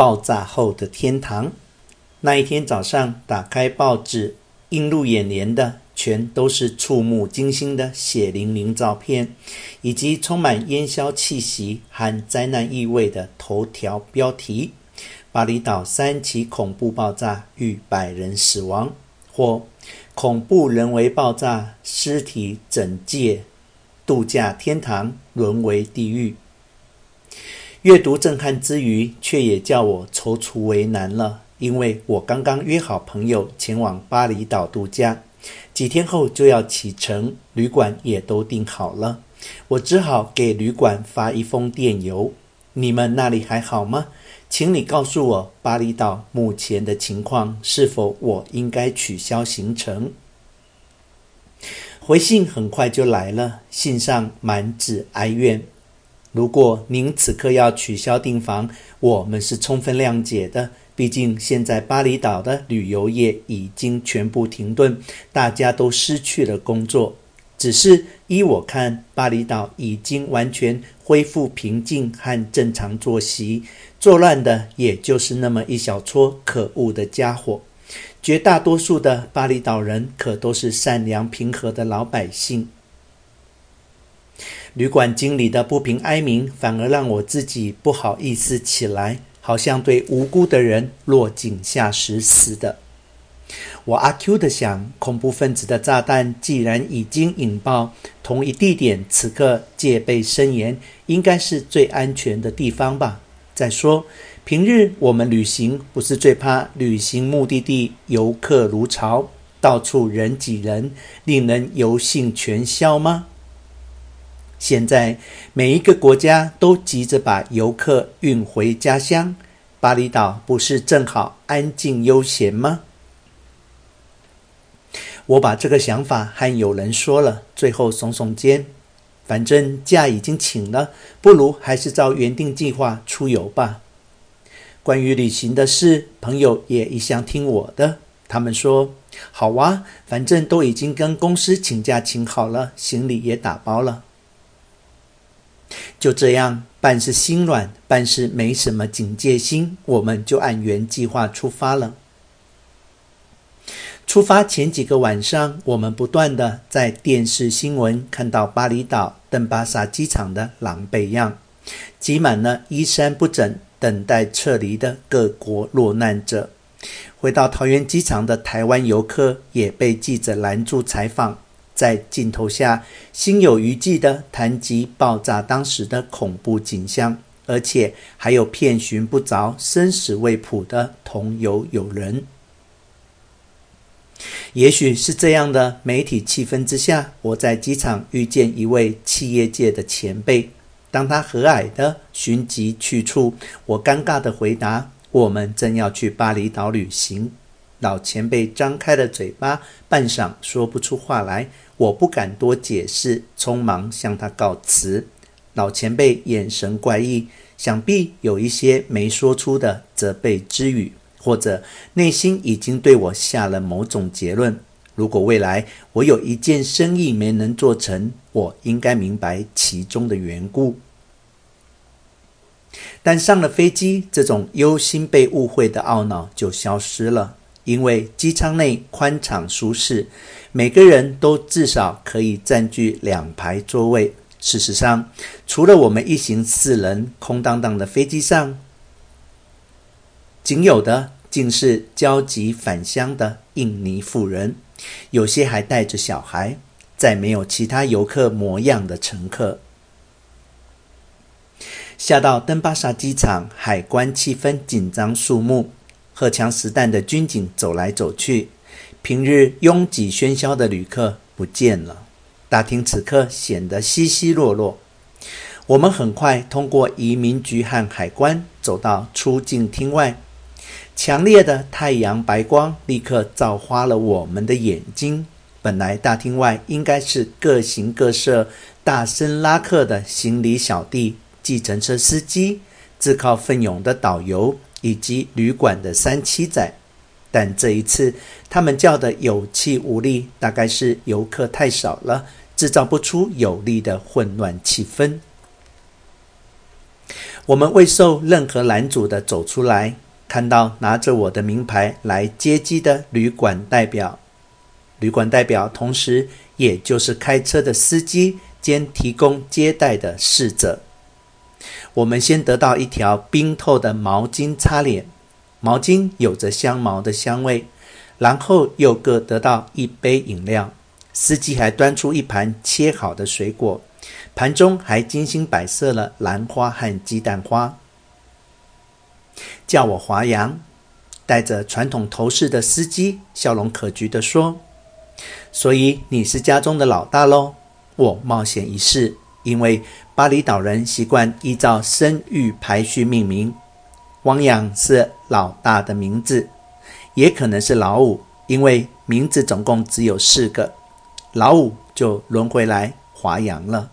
爆炸後的天堂。那一天早上，打開報紙，映入眼簾的全都是觸目驚心的血淋淋照片，以及充滿煙消氣息和災難意味的頭條標題：巴厘島三起恐怖爆炸，逾百人死亡；或恐怖人為爆炸，屍體枕藉，度假天堂淪為地獄。閱讀震撼之餘，卻也叫我躊躇為難了，因為我剛剛約好朋友前往巴厘島度假，幾天後就要啟程，旅館也都訂好了，我只好給旅館發一封電郵：“你們那裡還好嗎？請你告訴我巴厘島目前的情況，是否我應該取消行程？”回信很快就來了，信上滿紙哀怨。如果您此刻要取消訂房，我們是充分諒解的。畢竟現在巴厘島的旅遊業已經全部停頓，大家都失去了工作。只是依我看，巴厘島已經完全恢復平靜和正常作息，作亂的也就是那麼一小撮可惡的家伙。絕大多數的巴厘島人可都是善良平和的老百姓。旅館經理的不平哀鳴，反而讓我自己不好意思起來，好像對無辜的人落井下石似的。我阿 Q 的想，恐怖分子的炸彈既然已經引爆，同一地點此刻戒備森嚴，應該是最安全的地方吧。再說，平日我們旅行，不是最怕旅行目的地遊客如潮，到處人擠人，令人遊興全消嗎？現在每一個國家都急着把遊客運回家鄉，巴厘島不是正好安靜悠閒嗎？我把這個想法和友人說了，最後聳聳肩，反正假已經請了，不如還是照原定計劃出遊吧。關於旅行的事，朋友也一向聽我的。他們說：“好啊，反正都已經跟公司請假請好了，行李也打包了。”就這樣，半是心軟，半是沒什麼警戒心，我們就按原計劃出發了。出發前幾個晚上，我們不斷的在電視新聞看到巴厘島登巴薩機場的狼狽樣，擠滿了衣衫不整、等待撤離的各國落難者。回到桃園機場的台灣遊客也被記者攔住採訪。在鏡頭下，心有餘悸地談及爆炸當時的恐怖景象，而且還有遍尋不着、生死未卜的同遊友人。也許是這樣的媒體氣氛之下，我在機場遇見一位企業界的前輩，當他和藹地尋及去處，我尷尬地回答：“我們正要去巴厘島旅行。”老前輩張開了嘴巴，半晌說不出話來。我不敢多解釋，匆忙向他告辭。老前輩眼神怪異，想必有一些沒說出的責備之語，或者內心已經對我下了某種結論。如果未來我有一件生意沒能做成，我應該明白其中的緣故。但上了飛機，這種憂心被誤會的懊惱就消失了。因為機艙內寬敞舒適，每個人都至少可以佔據兩排座位。事實上，除了我們一行四人，空蕩蕩的飛機上，僅有的竟是焦急返鄉的印尼婦人，有些還帶着小孩，再沒有其他遊客模樣的乘客。下到登巴薩機場，海關氣氛緊張肅穆。荷槍實彈的軍警走來走去，平日擁擠喧囂的旅客不見了，大廳此刻顯得稀稀落落。我們很快通過移民局和海關，走到出境廳外。強烈的太陽白光立刻照花了我們的眼睛。本來大廳外應該是各行各色、大聲拉客的行李小弟、計程車司機、自告奮勇的導遊。以及旅館的三七仔，但這一次他們叫的有氣無力，大概是遊客太少了，制造不出有力的混亂氣氛。我們未受任何攔阻的走出來，看到拿着我的名牌來接機的旅館代表，旅館代表同時也就是開車的司機兼提供接待的侍者。我們先得到一條冰透的毛巾擦臉，毛巾有着香茅的香味。然後又各得到一杯飲料。司機還端出一盤切好的水果，盤中還精心擺設了蘭花和雞蛋花。叫我華陽，帶着傳統頭飾的司機笑容可掬地說：“所以你是家中的老大嘍？我冒險一試，因為……”巴厘島人習慣依照生育排序命名，汪洋是老大的名字，也可能是老五，因為名字總共只有四個，老五就輪回來華陽了。